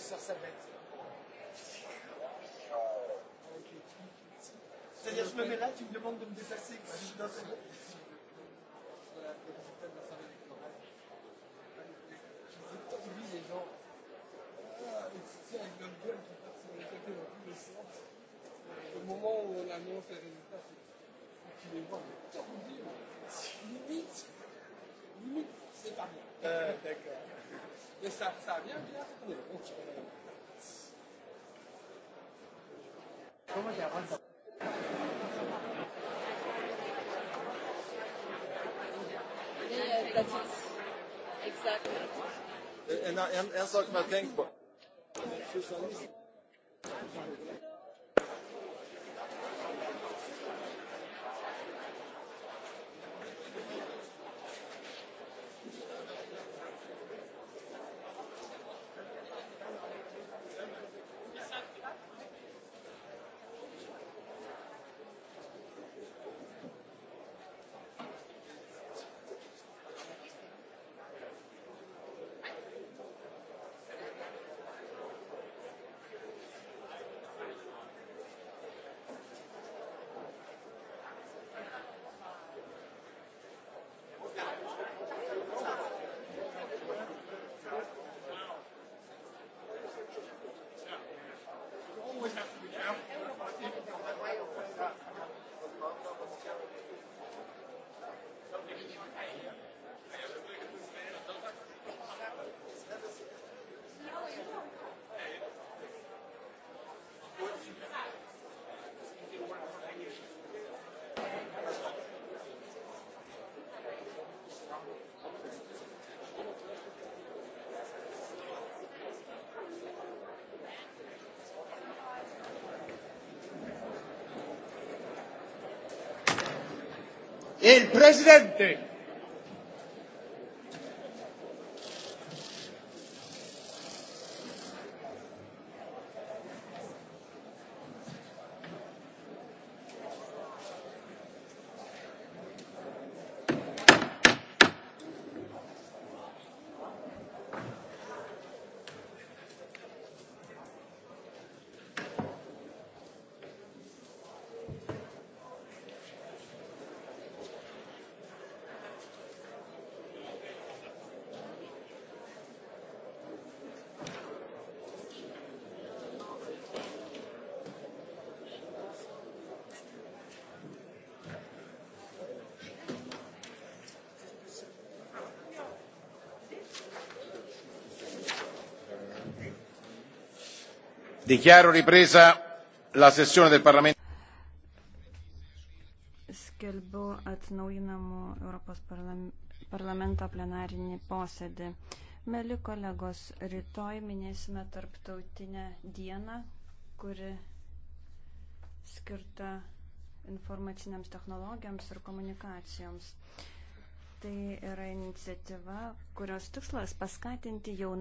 sur sa bête. C'est-à-dire, je me mets là, tu me demandes de me déplacer. Quoi. Je suis dans cette... J'oublie les gens. Ah, et tu sais, avec leur gueule qui part sur les côtés dans tous les sens. Le moment où on annonce les résultats, c'est tu les vois, mais tordides. Limite, limite, c'est pas bien. Euh, D'accord. Mais ça, ça a bien, bien tourné. Donc, euh... Comment t'es avant ça Exactly. En, en, en sak som jeg har tenkt på il presidente Dichiaro ripresa la sessione del Parlamento. Skelbiu atnaujinamų Europos parlamento plenarinį posėdį. Mėly kolegos, rytoj minėsime tarptautinę dieną, kuri skirta informaciniams technologijoms ir komunikacijoms. Tai yra iniciatyva, kurios tikslas paskatinti jauną